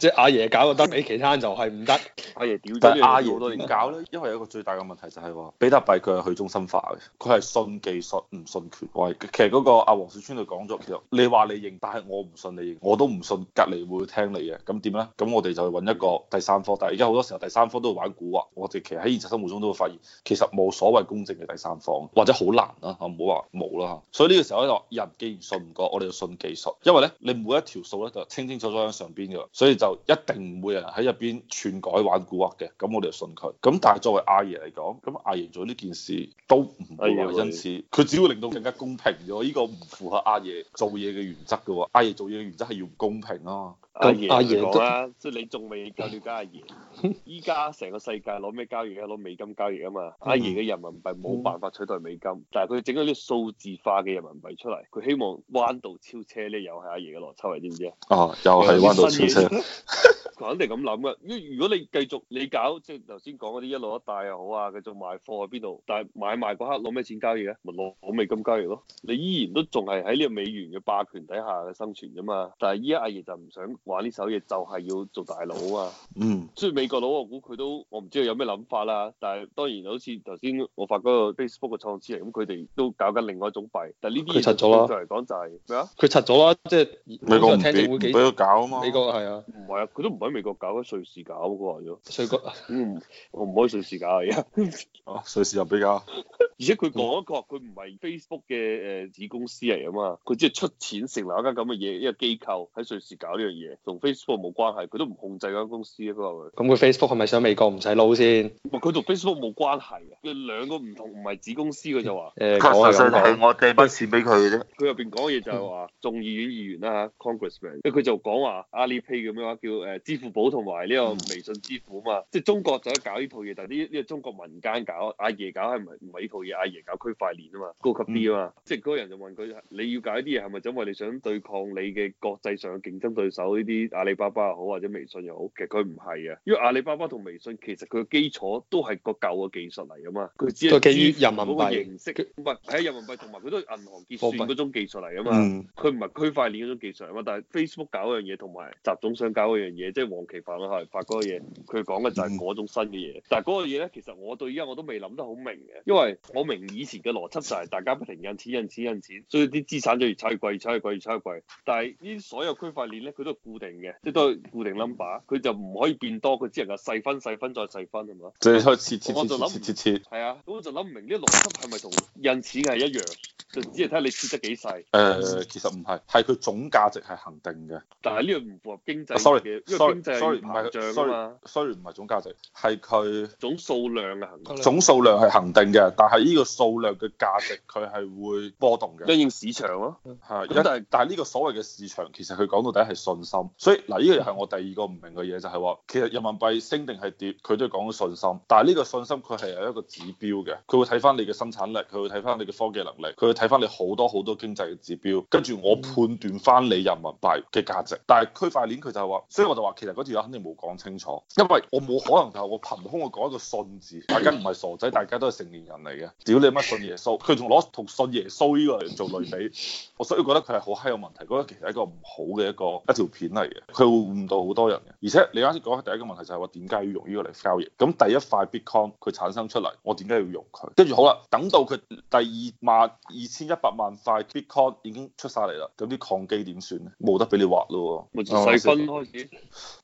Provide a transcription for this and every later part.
即係、 啊、阿爺到搞就得，俾其他就係唔得。阿爺屌仔你好多點搞咧？因為有一個最大嘅問題就係、是、話，比特幣佢係去中心化嘅，佢係信技術唔信權威。其實嗰個阿黃小川就講咗，其實你話你認，但係我唔信你認，我都唔信隔籬會聽你嘅。咁點咧？咁我哋就揾一個第三方。但係而家好多時候第三方都會玩蠱惑。我哋其實喺現實生活中都會發現，其實冇所謂公正嘅第三方，或者好難啦、啊、嚇，唔好話冇啦嚇。所以呢個時候咧，就人既然信唔過，我哋就信技術。因為咧，你每一條數咧就清清楚楚喺上邊㗎啦，所以就。一定唔會有人喺入邊篡改玩古惑嘅，咁我哋就信佢。咁但係作為阿爺嚟講，咁阿爺做呢件事都唔會因此，佢只會令到更加公平啫。呢、這個唔符合阿爺做嘢嘅原則嘅喎，阿爺做嘢嘅原則係要公平咯、啊。阿爺嚟講啊，即係、啊、你仲未夠了解阿爺。依家成個世界攞咩交易啊？攞美金交易啊嘛。嗯、阿爺嘅人民幣冇辦法取代美金，嗯、但係佢整咗啲數字化嘅人民幣出嚟，佢希望彎道超車咧，又係阿爺嘅邏輯嚟，知唔知啊？哦，又係彎道超車。 肯定咁諗嘅，因如果你繼續你搞，即係頭先講嗰啲一路一帶又好啊，繼續賣貨喺邊度，但係買賣嗰刻攞咩錢交易呢？咪攞美金交易咯。你依然都仲係喺呢個美元嘅霸權底下嘅生存㗎嘛。但係依家阿爺就唔想玩呢手嘢，就係要做大佬啊。嗯。所以美國佬我估佢都，我唔知佢有咩諗法啦。但係當然好似頭先我發嗰個 Facebook 嘅創始人咁，佢哋都搞緊另外一種幣。但係呢啲佢拆咗啦。就嚟講就係咩啊？佢拆咗啦，即係美國唔俾佢搞啊嘛。美國係啊。唔係啊，佢都唔係。美國搞，瑞士搞，咁樣咗瑞士，嗯，我唔可以瑞士搞而家。 啊，瑞士又比較。而且佢嗰個佢唔係、嗯、Facebook 嘅誒子公司嚟啊嘛，佢只係出錢成立一間咁嘅嘢，一個機構喺瑞士搞呢樣嘢，同 Facebook 冇關係，佢都唔控制嗰間公司啊。佢話。咁佢、嗯、Facebook 係咪想美國唔使撈先？佢同 Facebook 冇關係啊，兩個唔同，唔係子公司，佢就話。誒、欸，確實係係我掟筆錢俾佢嘅啫。佢入邊講嘢就係話眾議院議員啦 Congressman 佢就講話阿里 Pay 咁樣話叫誒支。Uh, 支付寶同埋呢個微信支付啊嘛，即係中國就係搞呢套嘢，但係呢呢個中國民間搞，阿爺搞係唔係唔係呢套嘢，阿爺搞區塊鏈啊嘛，高級啲啊嘛，即係嗰個人就問佢，你要搞啲嘢係咪因為你想對抗你嘅國際上嘅競爭對手呢啲阿里巴巴又好或者微信又好，其實佢唔係啊，因為阿里巴巴同微信其實佢嘅基礎都係個舊嘅技術嚟啊嘛，佢只係基於人民幣形式，唔係喺人民幣同埋佢都係銀行結算嗰種技術嚟啊嘛，佢唔係區塊鏈嗰種技術啊嘛，但係 Facebook 搞一樣嘢同埋集中想搞一樣嘢，即係。黃奇帆啊，發嗰個嘢，佢講嘅就係嗰種新嘅嘢。但係嗰個嘢咧，其實我對依家我都未諗得好明嘅，因為我明以前嘅邏輯就係大家不停印錢、印錢、印錢，所以啲資產就越炒越貴、越炒越貴、越炒越貴。但係呢所有區塊鏈咧，佢都係固定嘅，即係都係固定 number，佢就唔可以變多，佢只能夠細分、細分再細分，係咪即係可以切切切切切切？係啊，咁我就諗唔明呢個邏輯係咪同印錢係一樣？就只係睇你切得幾細。誒、呃，其實唔係，係佢總價值係恒定嘅。但係呢樣唔符合經濟所以唔係，所以所以唔係總價值，係佢總數量嘅。總數量係恒定嘅，但係呢個數量嘅價值，佢係會波動嘅。應應 市場咯、啊。係是。咁但係，但係呢個所謂嘅市場，其實佢講到底係信心。所以嗱，呢個又係我第二個唔明嘅嘢，就係話，其實人民幣升定係跌，佢都要講到信心。但係呢個信心，佢係有一個指標嘅，佢會睇翻你嘅生產力，佢會睇翻你嘅科技能力，佢會睇翻你好多好多，多經濟嘅指標，跟住我判斷翻你人民幣嘅價值。但係區塊鏈佢就係話，所以我就話。其實嗰條友肯定冇講清楚，因為我冇可能就我憑空去講一個信字，大家唔係傻仔，大家都係成年人嚟嘅。屌你乜信耶穌？佢仲攞同信耶穌呢個嚟做類比，我所以覺得佢係好閪有問題，覺得其實係一個唔好嘅一個一條片嚟嘅，佢會誤導好多人嘅。而且你啱先講嘅第一個問題就係我點解要用呢個嚟交易？咁第一塊 Bitcoin 佢產生出嚟，我點解要用佢？跟住好啦，等到佢第二萬二千一百萬塊 Bitcoin 已經出晒嚟啦，咁啲礦機點算咧？冇得俾你畫咯，細分開始。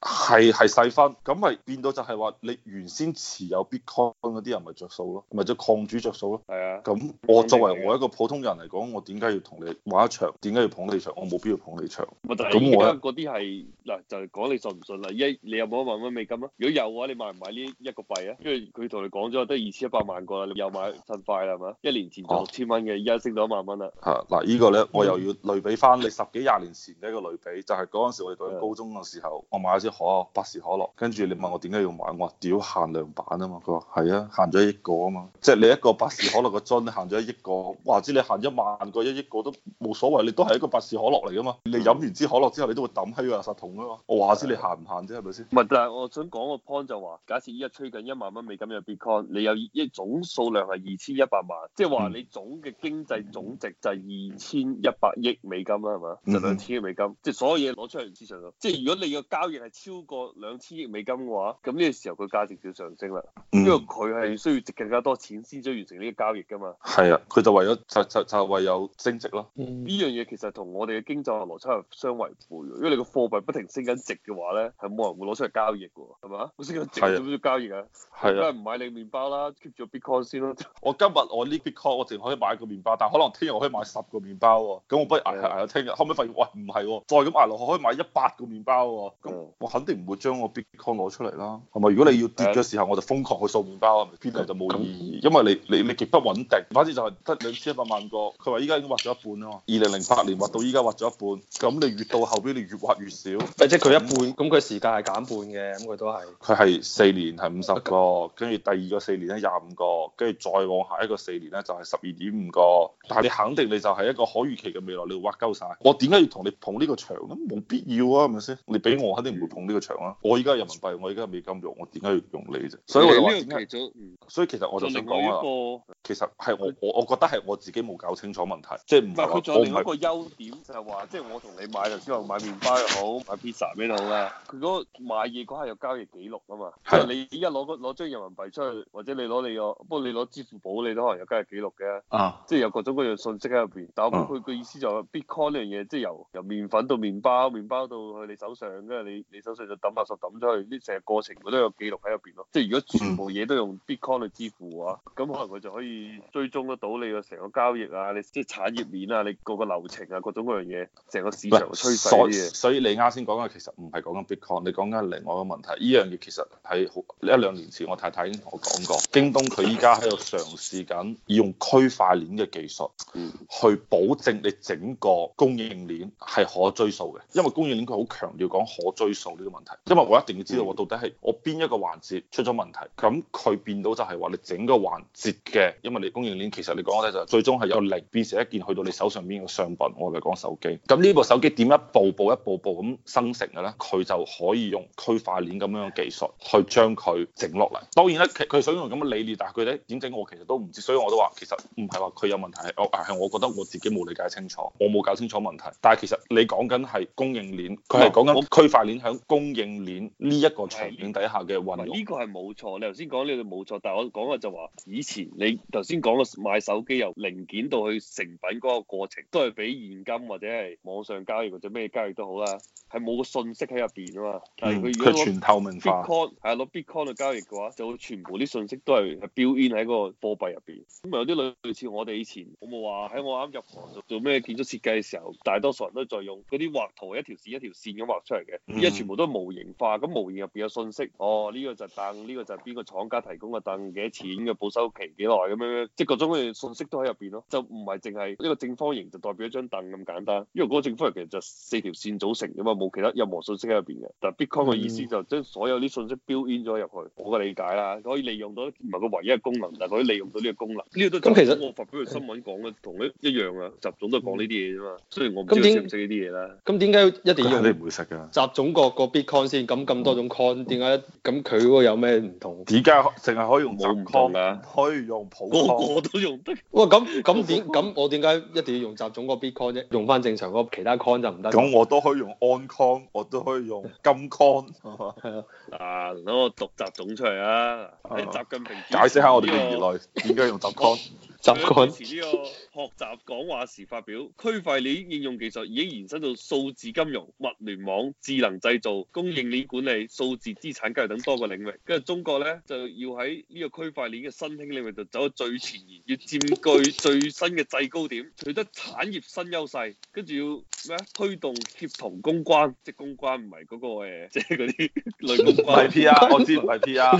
係係細分，咁咪變到就係話你原先持有 Bitcoin 嗰啲人咪着數咯，咪就礦主着數咯。係啊，咁我作為我一個普通人嚟講，我點解要同你玩一場？點解要捧你場？我冇必要捧你場。咁我覺得嗰啲係嗱，就係、是、講你信唔信啦。一你有冇一萬蚊美金啊？如果有嘅話，你買唔買呢一個幣啊？因為佢同你講咗，得二千一百萬個啦，你又買趁快啦，係嘛？一年前就六千蚊嘅，而家、啊、升到一萬蚊啦。嚇、啊！嗱、這個，呢個咧，我又要類比翻你十幾廿年前嘅一個類比，就係嗰陣時我哋讀緊高中嘅時候，的我買。可百事可樂，跟住你問我點解要買，我話屌限量版啊嘛，佢話係啊，限咗一億個啊嘛，即係你一個百事可樂個樽你限咗一億個，我話知你限一萬個一億個都冇所謂，你都係一個百事可樂嚟噶嘛，你飲完支可樂之後你都會抌喺個垃圾桶啊嘛，我話知你限唔限啫係咪先？唔係，但係我想講個 point 就話、是，假設依家吹緊一萬蚊美金嘅 Bitcoin，你有一總數量係二千一百萬，即係話你總嘅經濟總值就係二千一百億美金啦，係嘛？就兩千億美金，即係所有嘢攞出嚟市場咯。即係如果你個交易。超過兩千億美金嘅話，咁呢個時候佢價值就上升啦，嗯、因為佢係需要值更加多錢先至完成呢個交易㗎嘛。係啊，佢就為咗就就就係唯有升值咯。呢、嗯、樣嘢其實同我哋嘅經濟嘅邏輯係相違背嘅，因為你個貨幣不停升緊值嘅話咧，係冇人會攞出嚟交易㗎，係嘛？冇升緊值點樣交易啊？係啊，唔買你麵包啦，keep 住個 Bitcoin 先咯。我今日我呢 Bitcoin 我淨可以買一個麵包，但可能聽日我可以買十個麵包，哦，咁我不如捱捱到聽日。後尾，啊啊啊、發現喂唔係，再咁捱落去可以買一百個麵包咁，哦。我肯定唔會將我 bitcoin 攞出嚟啦，係咪？如果你要跌嘅時候，我就瘋狂去掃麵包，係咪？邊度那那就冇意義，那因為你你你極不穩定，反正就係得兩千一百萬個，佢話依家已經挖咗一半啊，二零零八年挖到依家挖咗一半，咁你越到後邊你越挖越少，嗯、即係佢一半，咁佢、嗯、時間係減半嘅，咁佢都係。佢係四年係五十個，跟住、嗯 okay，第二個四年咧廿五個，跟住再往下一個四年咧就係十二點五個，但係你肯定你就係一個可預期嘅未來，你要挖鳩晒。我點解要同你捧呢個場咁？冇必要啊，係咪先？你俾我肯定唔用呢個場啦！我依家人民幣，我依家美金用，我點解要用你啫？所以我提所以其實我就想講啊，其實係我我我覺得係我自己冇搞清楚問題，即係唔係佢仲有另一個優點就係話，即係我同你買就只係買麵包又好，買 pizza 咩都好啦。佢嗰買嘢嗰下有交易記錄啊嘛，即係你依家攞攞張人民幣出去，或者你攞你個，不過你攞支付寶你都可能有交易記錄嘅，即係有各種各樣信息喺入邊。但係佢個意思就係 Bitcoin 呢樣嘢，即係由由麵粉到麵包，麵包到去你手上嘅你。你手上就抌下十抌咗去，呢成個過程佢都有記錄喺入邊咯。即係如果全部嘢都用 Bitcoin 去支付嘅話，咁、嗯、可能佢就可以追蹤得到你個成個交易啊，你即係產業鏈啊，你個流、啊、你個流程啊，各種各樣嘢，成個市場嘅趨勢嘅嘢。所以你啱先講嘅其實唔係講緊 Bitcoin，你講緊另外一個問題。呢樣嘢其實係一兩年前我太太已經同我講過，京東佢依家喺度嘗試緊用區塊鏈嘅技術，去保證你整個供應鏈係可追溯嘅。因為供應鏈佢好強調講可追溯。做呢個問題，因為我一定要知道我到底係我邊一個環節出咗問題，咁佢變到就係話你整個環節嘅，因為你供應鏈其實你講嘅咧就最終係由零變成一件去到你手上邊嘅商品，我哋講手機。咁呢部手機點一步步一步步咁生成嘅咧，佢就可以用區塊鏈咁樣嘅技術去將佢整落嚟。當然咧，佢想用咁嘅理念，但係佢哋點整我其實都唔知，所以我都話其實唔係話佢有問題，係我係我覺得我自己冇理解清楚，我冇搞清楚問題。但係其實你講緊係供應鏈，佢係講緊區塊鏈。喺供應鏈呢一個場景底下嘅運喎，呢、呢個係冇錯。你頭先講呢度冇錯，但係我講嘅就話以前你頭先講嘅買手機由零件到去成品嗰個過程，都係俾現金或者係網上交易或者咩交易都好啦，係冇個信息喺入邊啊嘛。但係佢、嗯、全透明 b 化，係啊，攞 Bitcoin 嘅交易嘅話，就會全部啲信息都係標 in 喺嗰個貨幣入邊。咁啊，有啲類似我哋以前，我冇話喺我啱入行做咩建築設計嘅時候，大多數人都在用嗰啲畫圖一條線一條線咁畫出嚟嘅，嗯全部都係模型化，咁模型入邊有信息，哦呢、這個就凳，呢、這個就係邊個廠家提供嘅凳，幾多錢嘅保修期幾耐咁樣，即係各種嘅信息都喺入邊咯，就唔係淨係呢個正方形就代表一張凳咁簡單，因為嗰個正方形其實就四條線組成㗎嘛，冇其他任何信息喺入邊嘅。但係 Bitcoin 嘅意思就將所有啲信息 build in 咗入去，我嘅理解啦，可以利用到唔係個唯一嘅功能，但可以利用到呢個功能，呢個都同我發表條新聞講嘅同一、嗯、一,一樣啊，習總都係講呢啲嘢啫嘛，雖然我唔知那識唔識呢啲嘢啦。咁點解一定要？但係你唔會食㗎。習總學個 Bitcoin 先，咁咁多種 CON 點解咁，佢嗰個有咩唔同？點解淨係可以用雜礦、啊，可以用普礦，個個都用得。哇，咁咁點？咁 我點解一定要用雜種個 Bitcoin 啫？用翻正常個其他 CON 就唔得。咁我都可以用安 CON，我都可以用金 CON。 啊。嗱，等我讀雜種出嚟啊！係習近平解釋下我哋嘅疑慮，點解用雜 CON？ 支持呢個學習講話時發表，區塊鏈應用技術已經延伸到數字金融、物聯網、智能製造、供應鏈管理、數字資產交易等多個領域。跟住中國呢，就要喺呢個區塊鏈嘅新興領域度走到最前沿，要佔據最新嘅制高點，取得產業新優勢。跟住要咩啊？推動協同公關，即公關唔係嗰個誒，即係嗰啲類公關。唔係 P R，我知唔係 P R。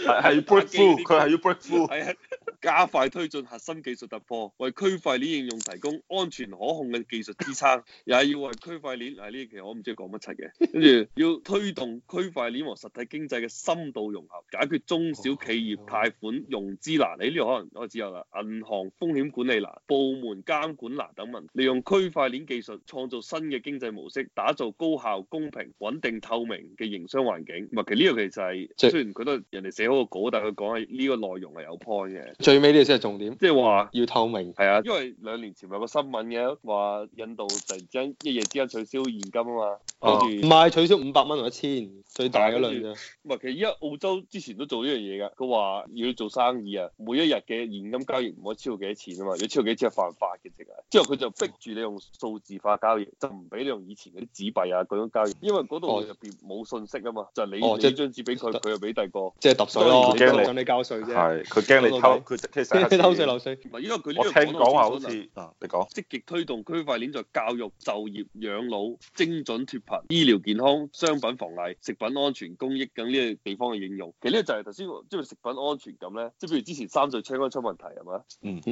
係係 要 break through，佢係要 break through。加快推進核心技術突破，為區塊鏈應用提供安全可控嘅技術支撐，又要為區塊鏈啊呢，其實我唔知講乜柒嘅。跟住要推動區塊鏈和實體經濟嘅深度融合，解決中小企業貸款融資難，你呢個，可能我知有啦，銀行風險管理難、部門監管難等問題，利用區塊鏈技術創造新嘅經濟模式，打造高效、公平、穩定、透明嘅營商環境。唔係，其實呢個其實係、就是、雖然佢都人哋寫好個稿，但係佢講嘅呢個內容係有 point 嘅。最尾呢個先係重點，即係話要透明，係啊，因為兩年前咪有個新聞嘅話，印度突然間一夜之間取消現金啊嘛，跟、哦、像取消五百蚊同一千最大嗰兩隻。唔係，其實依家澳洲之前都做呢樣嘢㗎，佢話要做生意啊，每一日嘅現金交易唔可以超過幾多錢啊嘛，如果超過幾多錢係犯法嘅即係。之後佢就逼住你用數字化交易，就唔俾你用以前嗰啲紙幣啊嗰種交易，因為嗰度入邊冇信息啊嘛，哦、就你哦將即張紙俾佢，佢又俾第二個，即係揼水，佢驚你，你交稅啫，係佢驚你偷。 你 其實流水流水，唔佢呢樣聽講下，好似啊，你講積極推動區塊鏈在教育、就業、養老、精準脫貧、醫療健康、商品防偽、食品安全、公益等呢樣地方嘅應用。其實呢個就係頭先即係食品安全咁咧，即係譬如之前三聚氰胺出問題係嘛，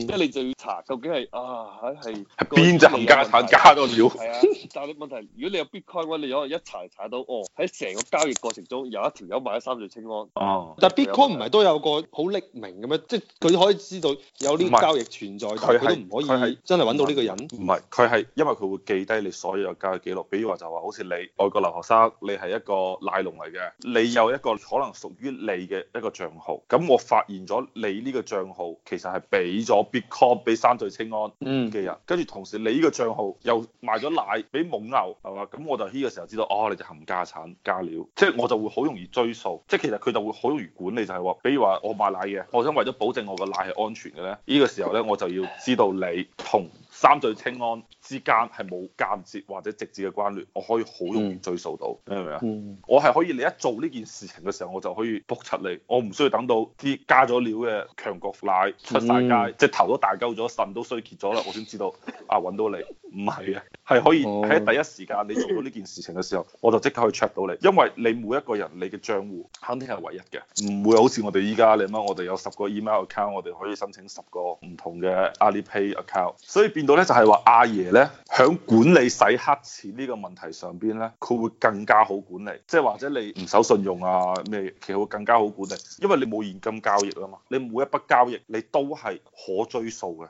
即係你就要查究竟係啊係邊隻行家產加多少？係啊， 但係問題如果你有 Bitcoin，你有可能一查查到哦，喺成個交易過程中有一條友買咗三聚氰胺。哦、啊，但 Bitcoin 唔係都有個好匿名嘅咩？即係可以知道有呢個交易是存在，佢佢是都唔可以是，佢真係揾到呢個人。唔係，佢係因為佢會記低你所有交易記錄，比如話就話好似你外國留學生，你係一個奶農嚟嘅，你有一個可能屬於你嘅一個賬號。咁我發現咗你呢個賬號其實係俾咗 Bitcoin 俾三聚氰胺嘅人，嗯、跟住同時你呢個賬號又賣咗奶俾蒙牛係嘛？咁我就呢個時候知道，哦，你就冚家產加料，即、就、係、是、我就會好容易追數。即、就、係、是、其實佢就會好容易管理就，就係話比如話我賣奶嘅，我想為咗保證我個。奶係安全嘅咧，依個時候咧我就要知道你同三聚氰胺。之間係冇間接或者直接嘅關聯，我可以好容易追溯到，明唔明啊？是是嗯、我係可以你一做呢件事情嘅時候，我就可以 book 出你，我唔需要等到啲加咗料嘅強國奶出曬街，即、嗯、頭都大鳩咗，腎都衰竭咗啦，我先知道 啊揾到你。唔係啊，係可以喺第一時間你做到呢件事情嘅時候， 我就即刻去 check 到你，因為你每一個人你嘅賬戶肯定係唯一嘅，唔會好似我哋依家你諗，我哋有十個 email account，我哋可以申請十個唔同嘅 AliPay account，所以變到咧就係話阿爺響管理洗黑錢呢個問題上邊咧，佢會更加好管理。即係或者你唔守信用啊咩，其實會更加好管理，因為你冇現金交易啊嘛，你每一筆交易你都係可追溯嘅。